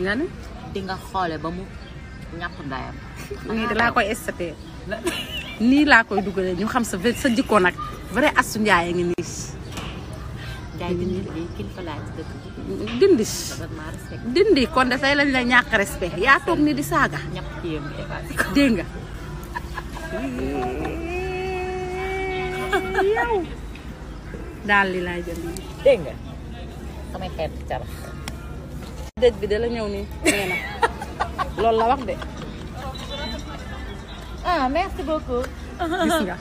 nan kau nga xoole ba mu ñàpp ndayam nii laa koy estaté nii laa koy dugalee ñu xam sa sa jikko nag vrai asu njaay ngi nii njaay bi nii kilifa laa ci dëkk dindi dindi kon dafay lañ la ñàkk respect yaa toog ni di nga li nga dëj bi dala la ñëw nii nee na loolu la wax de. ah merci beaucoup. gis nga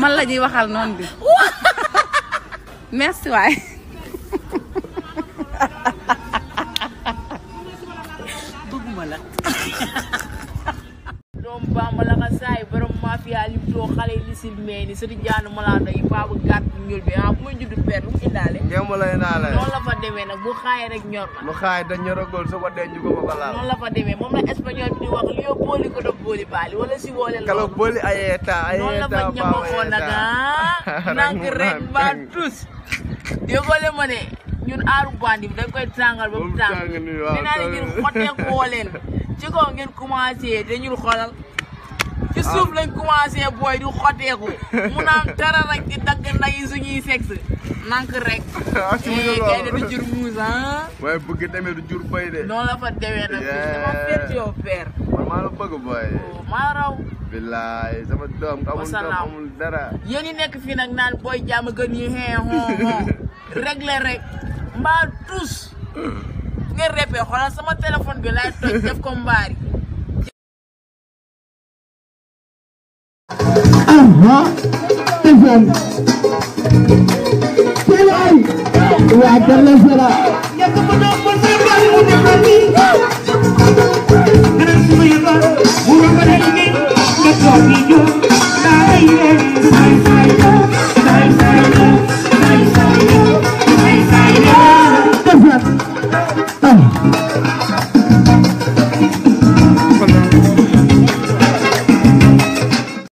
man la ñuy waxal noonu bi. merci waay. bëgguma la. doomu Bàmba la nga saay borom jadi li too xale li sil meeni sëriñ jaanu malaado yi bi ah muy judd père ci daale ngeen ma lay naale la fa demee nag bu xaay rek ñor ma bu xaay da ñoragul su ko denc ko ko laal noonu la fa demee moom la espagnol bi di wax li yow booli ko doon booli baali wala si woole la kala booli ay état ay la fa ñamaxoon nag rek ba tous ñun bandi dañ koy ba ngeen ci ngeen commencé dañul ci suuf lañ commencé booy di xoteeku mu naan dara rek di dagg nday suñuy sexe nank rek. ah si eh, gaynde du jur muus ah. waaye bëgg tamit du jur bay de. noonu fa demee nag. dama féet yow oh, maa raw. bilaay sama doom amul dara. yéen ñi nekk fii nag naan booy jàmm gën ñu xee xoo rek mbaa tous. nga répé xoolal sama téléphone bi laay toj def ko mbaari. aha ndeysaan te waay waa Galle Sera Thank you.